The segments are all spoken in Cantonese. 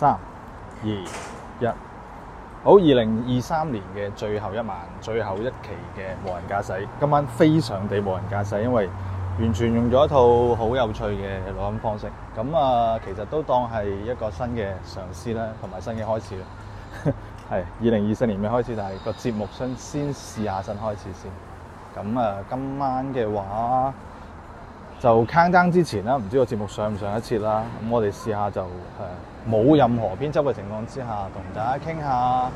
三二一，好！二零二三年嘅最後一晚，最後一期嘅無人駕駛，今晚非常地無人駕駛，因為完全用咗一套好有趣嘅錄音方式。咁啊，其實都當係一個新嘅嘗試啦，同埋新嘅開始啦。係二零二四年嘅開始，但係個節目先先試下新開始先。咁啊，今晚嘅話。就 countdown 之前啦，唔知個節目上唔上一次啦？咁、嗯、我哋試下就誒冇、呃、任何編輯嘅情況之下，同大家傾下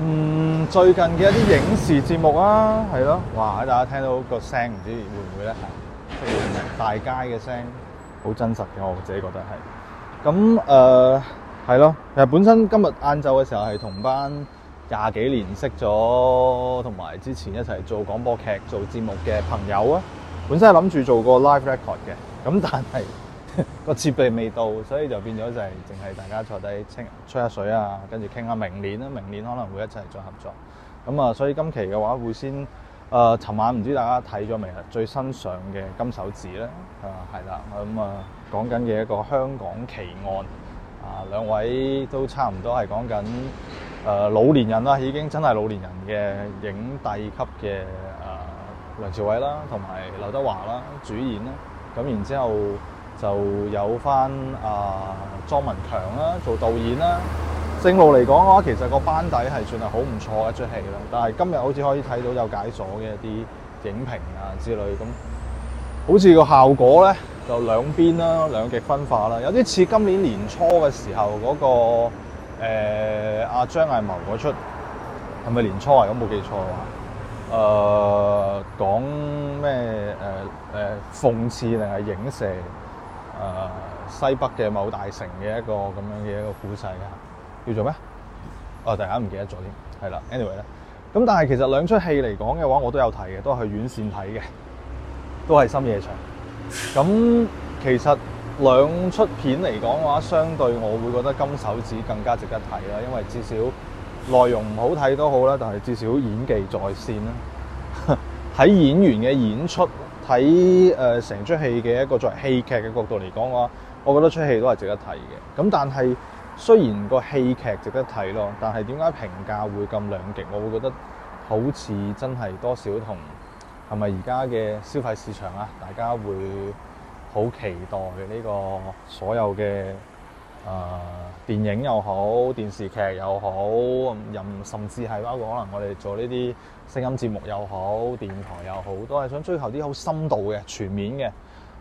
嗯最近嘅一啲影視節目啊，係咯，哇！大家聽到個聲唔知會唔會咧？即係大街嘅聲，好真實嘅，我自己覺得係。咁誒係咯，其實本身今日晏晝嘅時候係同班廿幾年識咗，同埋之前一齊做廣播劇、做節目嘅朋友啊。本身諗住做個 live record 嘅，咁但係個設備未到，所以就變咗就係淨係大家坐低傾吹下水啊，跟住傾下明年啦，明年可能會一齊再合作。咁啊，所以今期嘅話會先，誒、呃，尋晚唔知大家睇咗未啊？最新上嘅《金手指》咧，啊，係啦，咁、嗯、啊，講緊嘅一個香港奇案啊，兩位都差唔多係講緊誒老年人啦，已經真係老年人嘅影帝級嘅。梁朝偉啦，同埋劉德華啦，主演啦，咁然之後就有翻阿莊文強啦，做導演啦。正路嚟講嘅話，其實個班底係算係好唔錯一出戲咯。但係今日好似可以睇到有解鎖嘅一啲影評啊之類咁、嗯，好似個效果咧就兩邊啦，兩極分化啦。有啲似今年年初嘅時候嗰個誒阿張藝謀嗰出，係咪年初啊？如果冇記錯嘅話。誒講咩誒誒諷刺定係影射誒、呃、西北嘅某大城嘅一個咁樣嘅一個故事嚇，叫做咩？哦、啊，大家唔記得咗添，係啦。anyway 咧，咁但係其實兩出戲嚟講嘅話，我都有睇嘅，都係去院線睇嘅，都係深夜場。咁其實兩出片嚟講嘅話，相對我會覺得金手指更加值得睇啦，因為至少內容唔好睇都好啦，但係至少演技在線啦。睇演員嘅演出，睇誒成出戲嘅一個作為戲劇嘅角度嚟講嘅話，我覺得出戲都係值得睇嘅。咁但係雖然個戲劇值得睇咯，但係點解評價會咁兩極？我會覺得好似真係多少同係咪而家嘅消費市場啊，大家會好期待呢個所有嘅。誒，uh, 電影又好，電視劇又好，甚至係包括可能我哋做呢啲聲音節目又好，電台又好，都係想追求啲好深度嘅、全面嘅。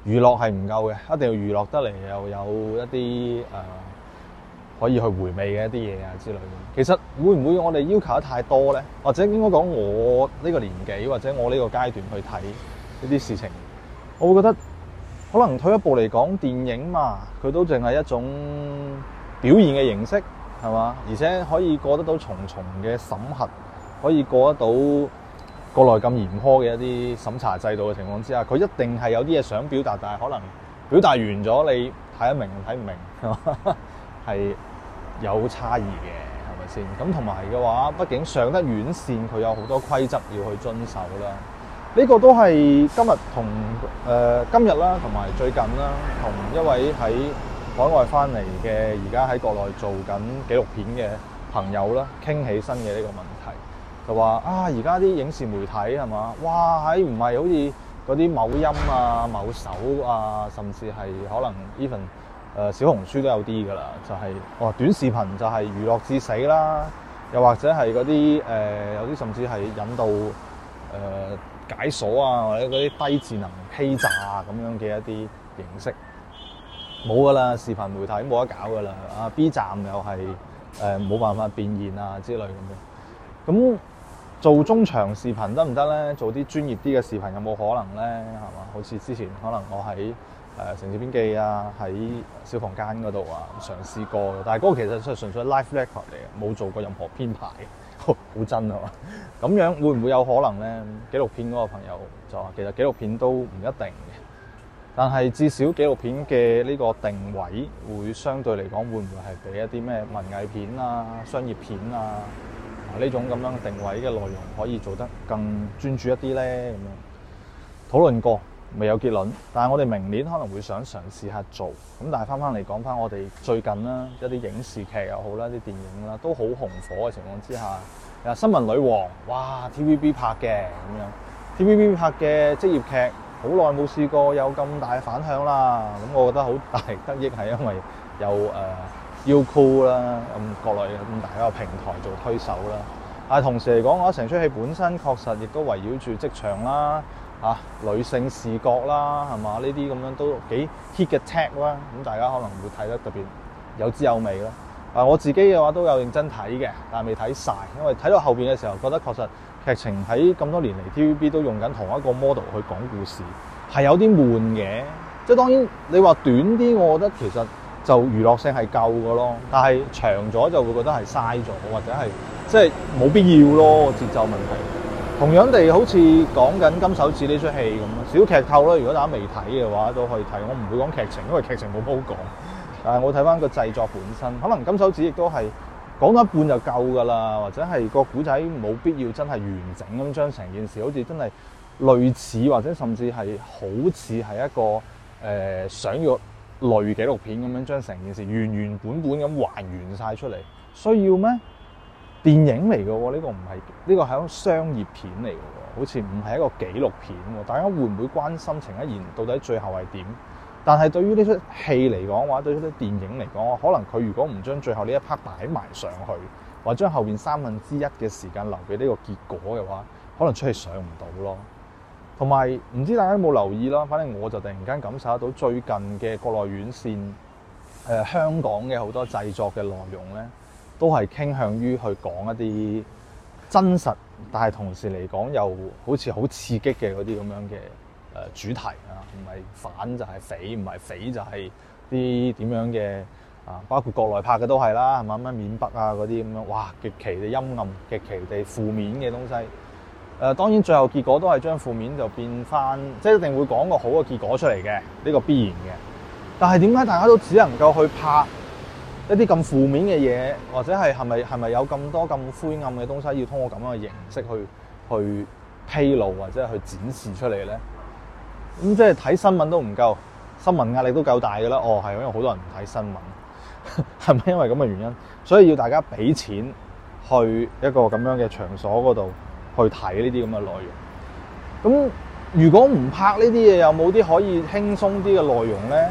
娛樂係唔夠嘅，一定要娛樂得嚟又有一啲誒、uh, 可以去回味嘅一啲嘢啊之類嘅。其實會唔會我哋要求得太多呢？或者應該講，我呢個年紀或者我呢個階段去睇呢啲事情，我會覺得。可能退一步嚟講，電影嘛，佢都淨係一種表現嘅形式，係嘛？而且可以過得到重重嘅審核，可以過得到國內咁嚴苛嘅一啲審查制度嘅情況之下，佢一定係有啲嘢想表達，但係可能表達完咗，你睇得明睇唔明，係嘛？係有差異嘅，係咪先？咁同埋嘅話，畢竟上得院線，佢有好多規則要去遵守啦。呢個都係今日同誒今日啦，同埋最近啦，同一位喺海外返嚟嘅而家喺國內做緊紀錄片嘅朋友啦，傾起身嘅呢個問題，就話啊，而家啲影視媒體係嘛？哇，係唔係好似嗰啲某音啊、某手啊，甚至係可能 even 誒、呃、小紅書都有啲㗎喇，就係、是、哇、哦、短視頻就係娛樂至死啦，又或者係嗰啲誒有啲甚至係引導誒。呃解鎖啊，或者嗰啲低智能欺詐啊咁樣嘅一啲形式，冇噶啦，視頻媒體都冇得搞噶啦。啊 B 站又係誒冇辦法變現啊之類咁嘅。咁做中長視頻得唔得咧？做啲專業啲嘅視頻有冇可能咧？係嘛？好似之前可能我喺誒、呃、城市編記啊，喺小房間嗰度啊嘗試過，但係嗰個其實就係純粹 life record 嚟嘅，冇做過任何編排。好 真啊，咁樣會唔會有可能呢？紀錄片嗰個朋友就話：其實紀錄片都唔一定嘅，但係至少紀錄片嘅呢個定位會相對嚟講，會唔會係畀一啲咩文藝片啊、商業片啊呢種咁樣定位嘅內容可以做得更專注一啲呢？咁樣討論過。未有結論，但係我哋明年可能會想嘗試下做。咁但係翻翻嚟講翻，我哋最近啦，一啲影視劇又好啦，啲電影啦都好紅火嘅情況之下，啊新聞女王，哇 TVB 拍嘅咁樣，TVB 拍嘅職業劇，好耐冇試過有咁大嘅反響啦。咁我覺得好大得益係因為有誒 Youku 啦咁國內咁大一個平台做推手啦。但係同時嚟講，我覺得成出戲本身確實亦都圍繞住職場啦。嚇、啊，女性視角啦，係嘛？呢啲咁樣都幾 hit 嘅 tag 啦，咁大家可能會睇得特別有滋有味咯。啊，我自己嘅話都有認真睇嘅，但係未睇晒，因為睇到後邊嘅時候覺得確實劇情喺咁多年嚟 TVB 都用緊同一個 model 去講故事，係有啲悶嘅。即係當然你話短啲，我覺得其實就娛樂性係夠嘅咯，但係長咗就會覺得係嘥咗，或者係即係冇必要咯，節奏問題。同樣地，好似講緊《金手指》呢出戲咁，小劇透啦。如果大家未睇嘅話，都可以睇。我唔會講劇情，因為劇情冇乜好講。但係我睇翻個製作本身，可能《金手指》亦都係講到一半就夠㗎啦，或者係個古仔冇必要真係完整咁將成件事，好似真係類似或者甚至係好似係一個誒、呃、想要類紀錄片咁樣將成件事原原本本咁還原晒出嚟，需要咩？電影嚟嘅喎，呢、呢個唔係，呢個係商業片嚟嘅喎，好似唔係一個紀錄片喎。大家會唔會關心程一言到底最後係點？但係對於呢出戲嚟講話，對於呢出電影嚟講，可能佢如果唔將最後呢一 part 擺埋上去，或將後面三分之一嘅時間留俾呢個結果嘅話，可能出去上唔到咯。同埋唔知大家有冇留意啦，反正我就突然間感受得到最近嘅國內院線，誒、呃、香港嘅好多製作嘅內容咧。都係傾向於去講一啲真實，但係同時嚟講又好似好刺激嘅嗰啲咁樣嘅誒主題啊，唔係反就係匪，唔係匪就係啲點樣嘅啊，包括國內拍嘅都係啦，係咪啊？咩緬北啊嗰啲咁樣，哇！極其地陰暗，極其地負面嘅東西。誒，當然最後結果都係將負面就變翻，即係一定會講個好嘅結果出嚟嘅，呢個必然嘅。但係點解大家都只能夠去拍？一啲咁負面嘅嘢，或者係係咪係咪有咁多咁灰暗嘅東西，要通過咁樣嘅形式去去披露或者係去展示出嚟咧？咁即係睇新聞都唔夠，新聞壓力都夠大嘅啦。哦，係因為好多人唔睇新聞，係咪因為咁嘅原因？所以要大家俾錢去一個咁樣嘅場所嗰度去睇呢啲咁嘅內容。咁如果唔拍呢啲嘢，有冇啲可以輕鬆啲嘅內容咧？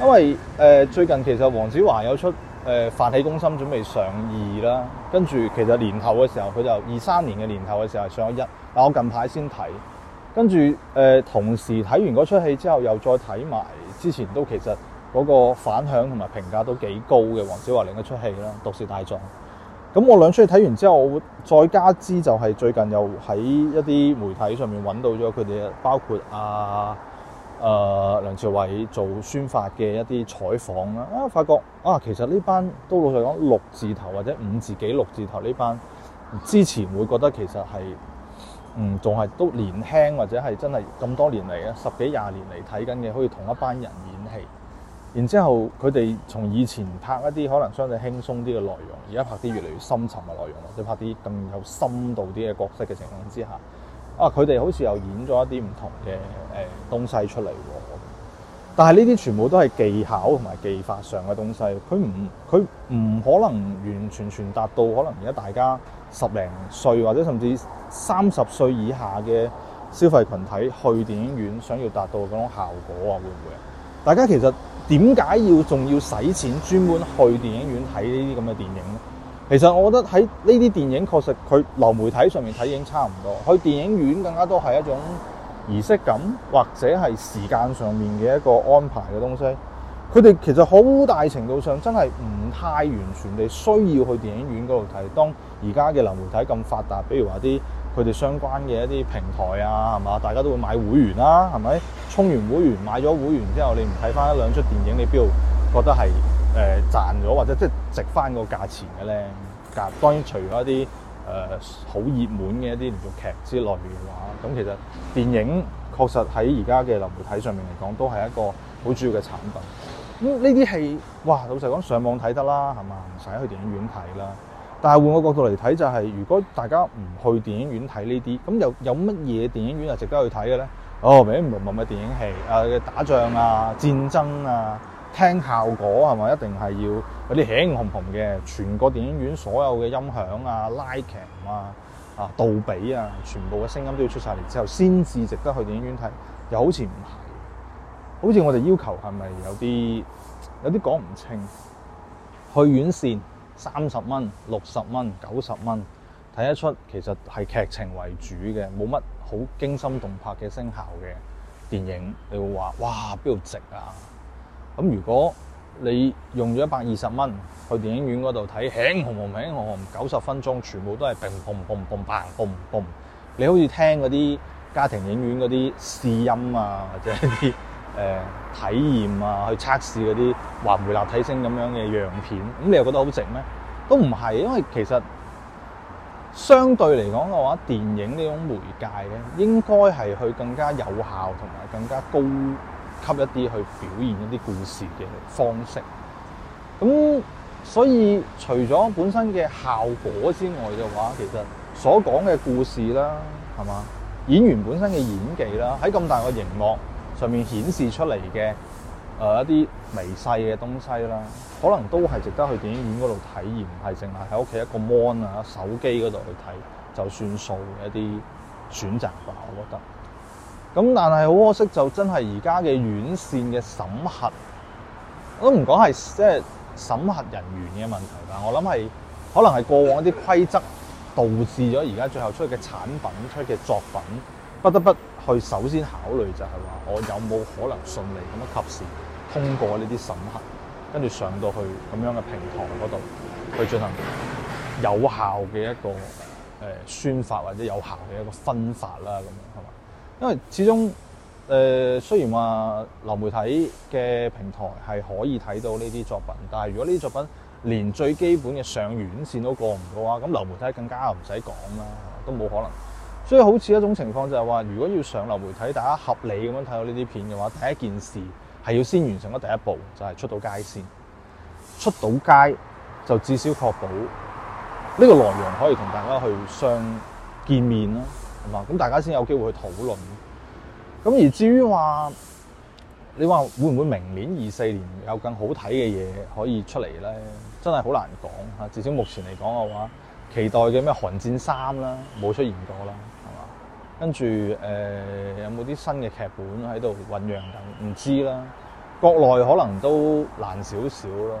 因為誒、呃、最近其實黃子華有出。誒《飯戲攻心》準備上二啦，跟住其實年頭嘅時候佢就二三年嘅年頭嘅時候上咗一，但我近排先睇，跟住誒、呃、同時睇完嗰出戲之後，又再睇埋之前都其實嗰個反響同埋評價都幾高嘅黃子華另一出戲啦，《毒舌大狀》。咁我兩出戲睇完之後，我再加之就係最近又喺一啲媒體上面揾到咗佢哋，包括阿、啊。誒、呃、梁朝偉做宣發嘅一啲採訪啦，啊發覺啊，其實呢班都老實講六字頭或者五字幾六字頭呢班，之前會覺得其實係嗯仲係都年輕，或者係真係咁多年嚟啊十幾廿年嚟睇緊嘅好似同一班人演戲，然之後佢哋從以前拍一啲可能相對輕鬆啲嘅內容，而家拍啲越嚟越深沉嘅內容或者拍啲更有深度啲嘅角色嘅情況之下。啊！佢哋好似又演咗一啲唔同嘅誒東西出嚟喎，但係呢啲全部都係技巧同埋技法上嘅東西，佢唔佢唔可能完全傳達到，可能而家大家十零歲或者甚至三十歲以下嘅消費群體去電影院想要達到嗰種效果啊，會唔會啊？大家其實點解要仲要使錢專門去電影院睇呢啲咁嘅電影咧？其實我覺得喺呢啲電影，確實佢流媒體上面睇已經差唔多，去電影院更加都係一種儀式感，或者係時間上面嘅一個安排嘅東西。佢哋其實好大程度上真係唔太完全地需要去電影院嗰度睇。當而家嘅流媒體咁發達，比如話啲佢哋相關嘅一啲平台啊，係嘛？大家都會買會員啦、啊，係咪？充完會員買咗會員之後，你唔睇返一兩出電影，你邊度覺得係？誒、呃、賺咗或者即係值翻個價錢嘅咧，嗱，當然除咗一啲誒好熱門嘅一啲連續劇之類嘅話，咁其實電影確實喺而家嘅流媒體上面嚟講，都係一個好主要嘅產品。咁呢啲戲，哇！老實講，上網睇得啦，係嘛？唔使去電影院睇啦。但係換個角度嚟睇、就是，就係如果大家唔去電影院睇呢啲，咁又有乜嘢電影院係值得去睇嘅咧？哦，咩唔同嘅電影戲，誒、啊、打仗啊，戰爭啊。聽效果係咪一定係要有啲聲洪洪嘅，全個電影院所有嘅音響啊、拉 cam 啊、啊杜比啊，全部嘅聲音都要出晒嚟之後，先至值得去電影院睇。又好似唔係，好似我哋要求係咪有啲有啲講唔清？去院線三十蚊、六十蚊、九十蚊，睇一出其實係劇情為主嘅，冇乜好驚心動魄嘅聲效嘅電影，你會話哇，邊度值啊？咁如果你用咗一百二十蚊去電影院嗰度睇，響紅紅響紅紅九十分鐘，全部都係砰砰砰砰砰砰砰，你好似聽嗰啲家庭影院嗰啲試音啊，或者啲誒、呃、體驗啊，去測試嗰啲環迴立體聲咁樣嘅樣片，咁你又覺得好值咩？都唔係，因為其實相對嚟講嘅話，電影呢種媒介咧，應該係去更加有效同埋更加高。給一啲去表現一啲故事嘅方式，咁所以除咗本身嘅效果之外嘅話，其實所講嘅故事啦，係嘛演員本身嘅演技啦，喺咁大個熒幕上面顯示出嚟嘅誒一啲微細嘅東西啦，可能都係值得去電影院嗰度體驗，係淨係喺屋企一個 mon 啊手機嗰度去睇就算數嘅一啲選擇吧，我覺得。咁但係好可惜，就真係而家嘅院線嘅審核，我都唔講係即係審核人員嘅問題，但係我諗係可能係過往一啲規則導致咗而家最後出嚟嘅產品、出嘅作品，不得不去首先考慮就係話，我有冇可能順利咁樣及時通過呢啲審核，跟住上到去咁樣嘅平台嗰度去進行有效嘅一個誒宣發或者有效嘅一個分發啦，咁樣係嘛？因為始終，誒、呃、雖然話流媒體嘅平台係可以睇到呢啲作品，但係如果呢啲作品連最基本嘅上院線都過唔到嘅話，咁流媒體更加唔使講啦，都冇可能。所以好似一種情況就係話，如果要上流媒體，大家合理咁樣睇到呢啲片嘅話，第一件事係要先完成咗第一步，就係、是、出到街先。出到街就至少確保呢個內容可以同大家去相見面咯。咁大家先有機會去討論。咁而至於話，你話會唔會明年二四年有更好睇嘅嘢可以出嚟咧？真係好難講嚇。至少目前嚟講嘅話，期待嘅咩《寒戰三》啦，冇出現過啦，係嘛？跟住誒，有冇啲新嘅劇本喺度醖釀緊？唔知啦。國內可能都難少少咯，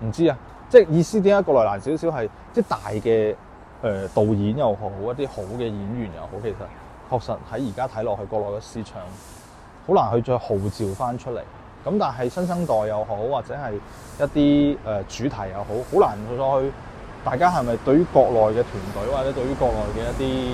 唔知啊。即係意思點解國內難少少係即係大嘅？誒、呃、導演又好，一啲好嘅演員又好，其實確實喺而家睇落去，國內嘅市場好難去再號召翻出嚟。咁但係新生代又好，或者係一啲誒、呃、主題又好，好難再去。大家係咪對於國內嘅團隊或者對於國內嘅一啲誒、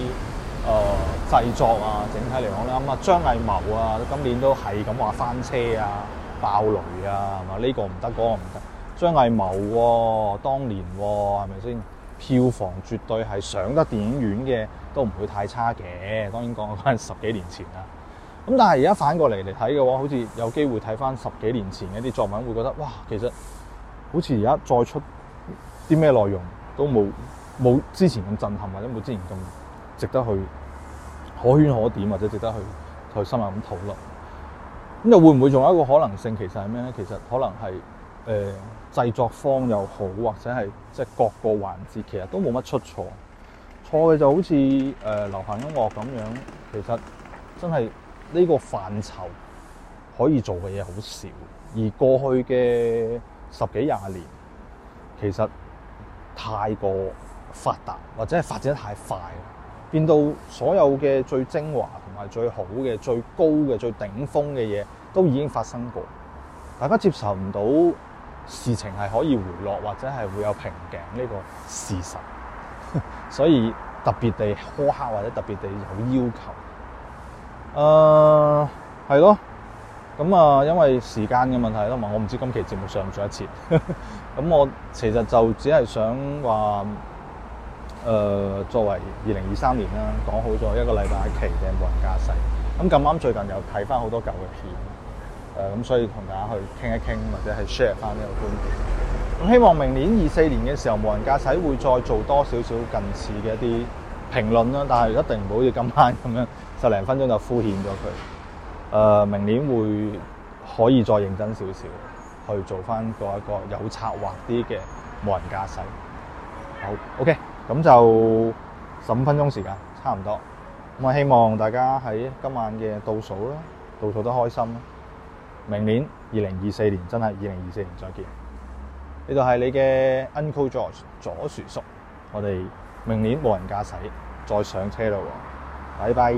呃、製作啊，整體嚟講咧？咁、嗯、啊，張藝謀啊，今年都係咁話翻車啊，爆雷啊，係、這、嘛、個？呢、那個唔得，嗰個唔得。張藝謀喎、啊，當年喎、啊，係咪先？票房絕對係上得電影院嘅，都唔會太差嘅。當然講緊係十幾年前啦。咁但係而家反過嚟嚟睇嘅話，好似有機會睇翻十幾年前嘅啲作品，會覺得哇，其實好似而家再出啲咩內容都冇冇之前咁震撼，或者冇之前咁值得去可圈可點，或者值得去去深入咁討論。咁又會唔會仲有一個可能性？其實係咩咧？其實可能係。誒、呃、製作方又好，或者係即係各個環節，其實都冇乜出錯。錯嘅就好似誒流行音樂咁樣，其實真係呢個範疇可以做嘅嘢好少。而過去嘅十幾廿年，其實太過發達，或者係發展得太快，變到所有嘅最精華同埋最好嘅、最高嘅、最頂峰嘅嘢都已經發生過，大家接受唔到，事情係可以回落，或者係會有瓶頸呢個事實， 所以特別地苛刻或者特別地有要求。誒、uh，係咯。咁啊，因為時間嘅問題啦嘛，我唔知今期節目上唔上得切。咁 我其實就只係想話誒、呃，作為二零二三年啦，講好咗一個禮拜一期嘅無人駕駛。咁咁啱最近又睇翻好多舊嘅片。咁、嗯、所以同大家去傾一傾，或者係 share 翻呢個觀點。咁希望明年二四年嘅時候，無人駕駛會再做多少少近似嘅一啲評論啦。但係一定唔好好似今晚咁樣十零分鐘就敷衍咗佢。誒、呃，明年會可以再認真少少去做翻個一個有策劃啲嘅無人駕駛。好，OK，咁就十五分鐘時間差唔多。咁啊，希望大家喺今晚嘅倒數啦，倒數得開心啦。明年二零二四年，真係二零二四年再見。呢度係你嘅 Uncle George 左薯叔，我哋明年無人駕駛再上車啦，拜拜。